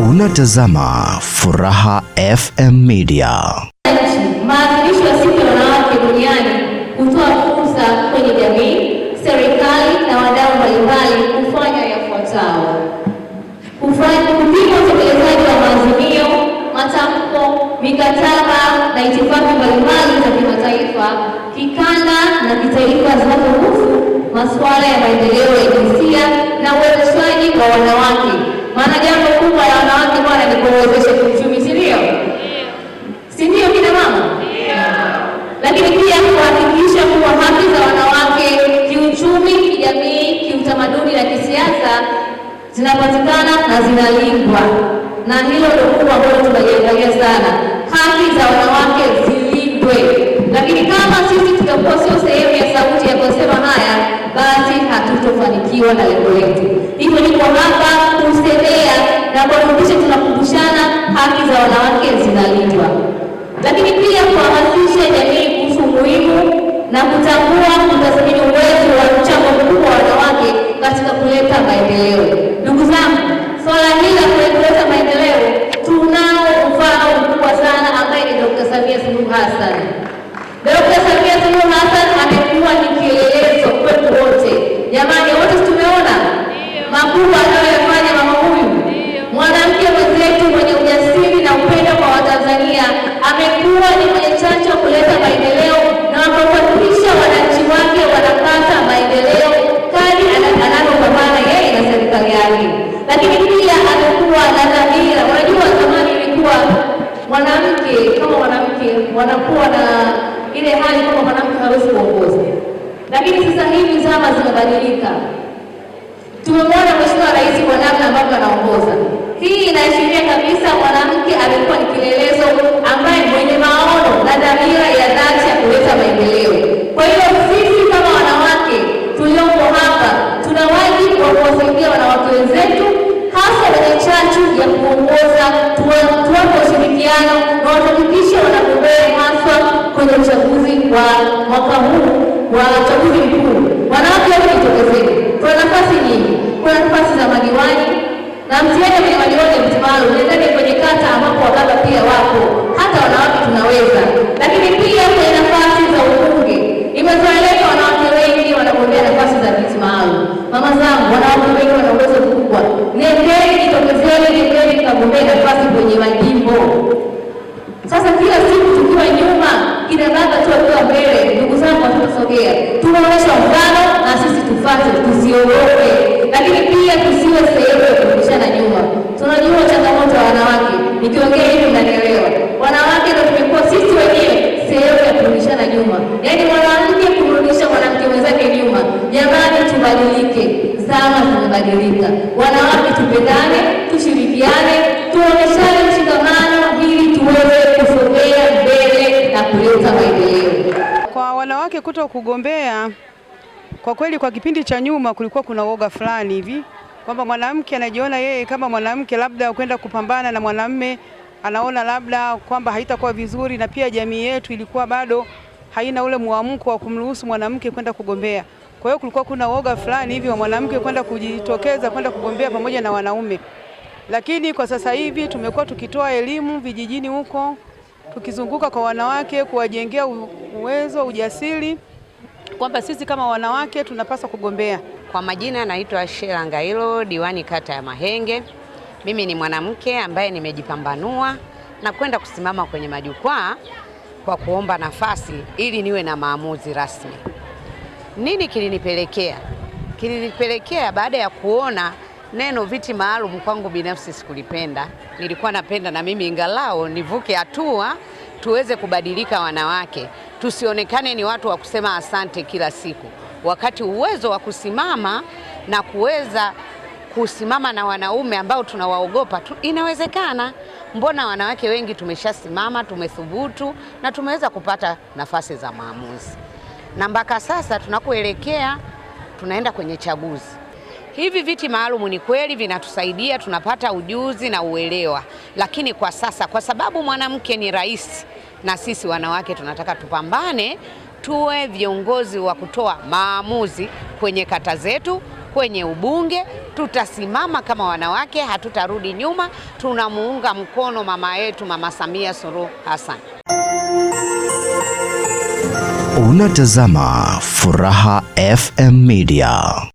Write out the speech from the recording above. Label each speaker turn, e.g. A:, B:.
A: Unatazama Furaha FM Media.
B: Maadhimisho ya siku ya wanawake duniani hutoa fursa kwenye jamii, serikali na wadau mbalimbali kufanya yafuatayo: kupima utekelezaji wa maazimio, matamko, mikataba na itifaki mbalimbali za kimataifa, kikanda na kitaifa zinazohusu masuala ya maendeleo ya jinsia zinapatikana na zinalindwa, na hilo ndio kubwa ambalo tunaliangalia sana. Haki za wanawake zilindwe, lakini kama sisi tutakuwa sio sehemu ya sauti ya kusema haya, basi hatutofanikiwa na lengo letu. Hivyo niko hapa kusemea na kuhakikisha tunakumbushana haki za wanawake zinalindwa, lakini pia kuhamasisha jamii kubadilika. Tumemwona Mheshimiwa Rais kwa namna ambavyo anaongoza. Hii inaashiria kabisa mwanamke amekuwa ni kielelezo ambaye mwenye maono na dhamira ya dhati ya kuleta maendeleo. Kwa hiyo sisi kama wanawake tuliopo hapa tuna wajibu wa kuwasaidia wanawake wenzetu, hasa wenye chachu ya kuongoza, tuwape ushirikiano na wahakikishe wanagombea haswa kwenye uchaguzi wa mwaka huu wa uchaguzi mkuu. tokezele kengele kagombee nafasi kwenye majimbo. Sasa kila siku tukiwa nyuma, kina baba tu akiwa mbele. Ndugu zangu, hatutasogea, tunaonyesha mfano na sisi tufate, tusiogope, lakini pia tusiwe sehemu ya kurudishana nyuma. Tunajua changamoto ya wanawake, nikiongea hivi mnanielewa.
C: kuto kugombea kwa kweli, kwa kipindi cha nyuma kulikuwa kuna woga fulani hivi kwamba mwanamke anajiona yeye kama mwanamke labda kwenda kupambana na mwanamme, anaona labda kwamba haitakuwa vizuri, na pia jamii yetu ilikuwa bado haina ule mwamko wa kumruhusu mwanamke kwenda kugombea. Kwa hiyo kulikuwa kuna woga fulani hivi wa mwanamke kwenda kujitokeza kwenda kugombea pamoja na wanaume, lakini kwa sasa hivi tumekuwa tukitoa elimu vijijini huko tukizunguka kwa wanawake kuwajengea uwezo, ujasiri kwamba sisi kama wanawake tunapaswa kugombea.
D: Kwa majina naitwa Shela Ngailo, diwani kata ya Mahenge. Mimi ni mwanamke ambaye nimejipambanua na kwenda kusimama kwenye majukwaa kwa kuomba nafasi ili niwe na maamuzi rasmi. Nini kilinipelekea? Kilinipelekea baada ya kuona Neno viti maalum kwangu binafsi sikulipenda. Nilikuwa napenda na mimi ingalao nivuke hatua, tuweze kubadilika wanawake, tusionekane ni watu wa kusema asante kila siku, wakati uwezo wa kusimama na kuweza kusimama na wanaume ambao tunawaogopa tu, inawezekana. Mbona wanawake wengi tumeshasimama, tumethubutu na tumeweza kupata nafasi za maamuzi, na mpaka sasa tunakuelekea tunaenda kwenye chaguzi Hivi viti maalumu ni kweli vinatusaidia, tunapata ujuzi na uelewa, lakini kwa sasa, kwa sababu mwanamke ni rais na sisi wanawake tunataka tupambane, tuwe viongozi wa kutoa maamuzi kwenye kata zetu, kwenye ubunge. Tutasimama kama wanawake, hatutarudi nyuma. Tunamuunga mkono mama yetu, Mama Samia Suluhu Hassan. Unatazama Furaha FM Media.